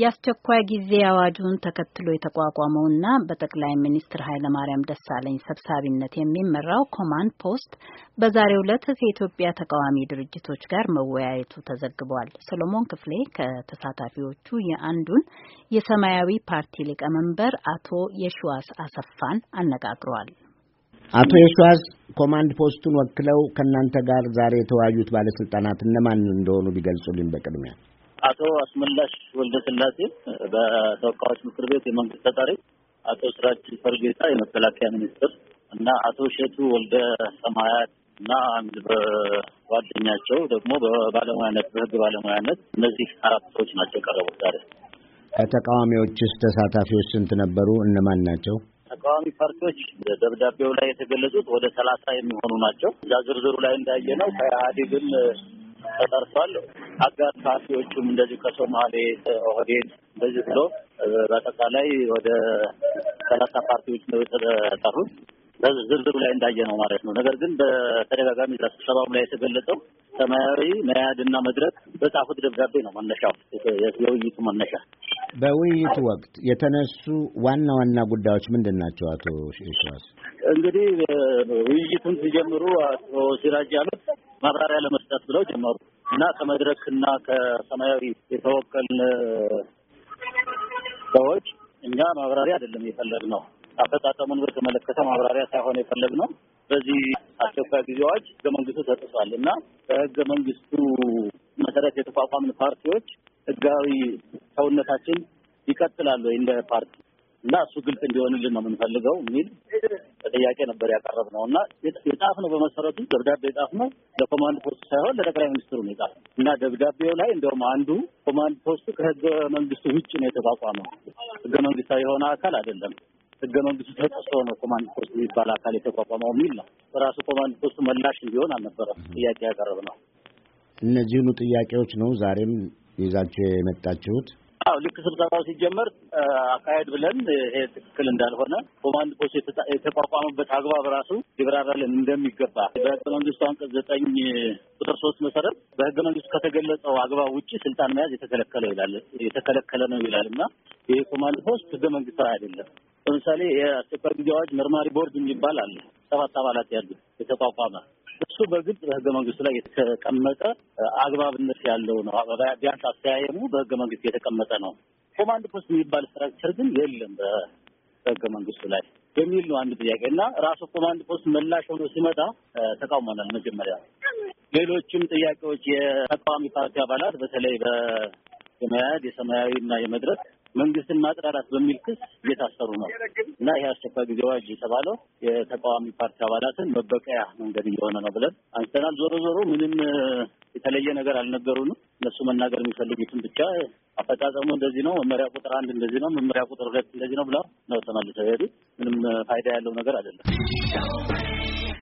የአስቸኳይ ጊዜ አዋጁን ተከትሎ የተቋቋመውና በጠቅላይ ሚኒስትር ኃይለማርያም ደሳለኝ ሰብሳቢነት የሚመራው ኮማንድ ፖስት በዛሬው ዕለት ከኢትዮጵያ ተቃዋሚ ድርጅቶች ጋር መወያየቱ ተዘግቧል። ሰሎሞን ክፍሌ ከተሳታፊዎቹ የአንዱን የሰማያዊ ፓርቲ ሊቀመንበር አቶ የሽዋስ አሰፋን አነጋግሯል። አቶ የሽዋስ ኮማንድ ፖስቱን ወክለው ከእናንተ ጋር ዛሬ የተወያዩት ባለስልጣናት እነማን እንደሆኑ ቢገልጹልኝ በቅድሚያ። አቶ አስመላሽ ወልደ ስላሴ በተወካዮች ምክር ቤት የመንግስት ተጠሪ፣ አቶ ስራጅ ፈርጌታ የመከላከያ ሚኒስትር እና አቶ ሸቱ ወልደ ሰማያት እና አንድ በጓደኛቸው ደግሞ በባለሙያነት በህግ ባለሙያነት እነዚህ አራት ሰዎች ናቸው የቀረቡት ዛሬ። ከተቃዋሚዎችስ ተሳታፊዎች ስንት ነበሩ? እነማን ናቸው? ተቃዋሚ ፓርቲዎች ደብዳቤው ላይ የተገለጹት ወደ ሰላሳ የሚሆኑ ናቸው። እዛ ዝርዝሩ ላይ እንዳየ ነው ከኢህአዴግም ተጠርቷል። አጋር ፓርቲዎቹም እንደዚሁ ከሶማሌ ኦህዴን እንደዚህ ብሎ በአጠቃላይ ወደ ሰላሳ ፓርቲዎች ነው የተጠሩት። ዝርዝሩ ላይ እንዳየ ነው ማለት ነው። ነገር ግን በተደጋጋሚ ስብሰባውም ላይ የተገለጸው ሰማያዊ መያድና መድረክ በጻፉት ደብዳቤ ነው መነሻው የውይይቱ መነሻ በውይይቱ ወቅት የተነሱ ዋና ዋና ጉዳዮች ምንድን ናቸው? አቶ ሽዋስ እንግዲህ ውይይቱን ሲጀምሩ አቶ ሲራጅ ያሉት ማብራሪያ ለመስጠት ብለው ጀመሩ እና ከመድረክ እና ከሰማያዊ የተወከልን ሰዎች እኛ ማብራሪያ አይደለም የፈለግነው፣ አፈጻጸሙን በተመለከተ ማብራሪያ ሳይሆን የፈለግነው በዚህ አስቸኳይ ጊዜዎች ህገ መንግስቱ ተጥሷል እና በህገ መንግስቱ መሰረት የተቋቋምን ፓርቲዎች ህጋዊ ሰውነታችን ይቀጥላል ወይ እንደ ፓርቲ እና እሱ ግልጽ እንዲሆንልን ነው የምንፈልገው የሚል ጥያቄ ነበር ነው እና ነው በመሰረቱ ደብዳቤ ነው። ለኮማንድ ፖስቱ ሳይሆን ለጠቅላይ ሚኒስትሩ ነው የጻፍነው እና ደብዳቤው ላይ እንደውም አንዱ ኮማንድ ፖስቱ ከህገ መንግስቱ ውጭ ነው የተቋቋመው፣ ህገ መንግስታዊ የሆነ አካል አይደለም፣ ህገ መንግስቱ ተጥሶ ነው ኮማንድ ፖስቱ የሚባል አካል የተቋቋመው የሚል ነው። በራሱ ኮማንድ ፖስቱ መላሽ እንዲሆን አልነበረም ጥያቄ ነው እነዚህኑ ጥያቄዎች ነው ዛሬም ይዛችሁ የመጣችሁት? አዎ ልክ ስብሰባው ሲጀመር አካሄድ ብለን ይሄ ትክክል እንዳልሆነ ኮማንድ ፖስት የተቋቋመበት አግባብ ራሱ ይብራራልን እንደሚገባ በህገ መንግስቱ አንቀጽ ዘጠኝ ቁጥር ሶስት መሰረት በህገ መንግስቱ ከተገለጸው አግባብ ውጭ ስልጣን መያዝ የተከለከለ ይላል የተከለከለ ነው ይላል እና ይሄ ኮማንድ ፖስት ህገ መንግስታዊ አይደለም። ለምሳሌ የአስቸኳይ ጊዜ አዋጅ መርማሪ ቦርድ የሚባል አለ። ሰባት አባላት ያሉት የተቋቋመ እሱ በግልጽ በህገ መንግስቱ ላይ የተቀመጠ አግባብነት ያለው ነው። ቢያንስ አስተያየሙ በህገ መንግስቱ የተቀመጠ ነው። ኮማንድ ፖስት የሚባል ስትራክቸር ግን የለም በህገ መንግስቱ ላይ የሚል ነው አንድ ጥያቄ እና ራሱ ኮማንድ ፖስት መላሽ ሆኖ ሲመጣ ተቃውሞናል። መጀመሪያ ሌሎችም ጥያቄዎች የተቃዋሚ ፓርቲ አባላት በተለይ በመያድ የሰማያዊ እና የመድረክ መንግስትን ማጥራራት በሚል ክስ እየታሰሩ ነው እና ይሄ አስቸኳይ ጊዜ አዋጅ የተባለው የተቃዋሚ ፓርቲ አባላትን መበቀያ መንገድ እየሆነ ነው ብለን አንስተናል። ዞሮ ዞሮ ምንም የተለየ ነገር አልነገሩንም። እነሱ መናገር የሚፈልጉትን ብቻ አፈጻጸሙ እንደዚህ ነው፣ መመሪያ ቁጥር አንድ እንደዚህ ነው፣ መመሪያ ቁጥር ሁለት እንደዚህ ነው ብለው ነው ተመልሰው የሄዱት። ምንም ፋይዳ ያለው ነገር አይደለም።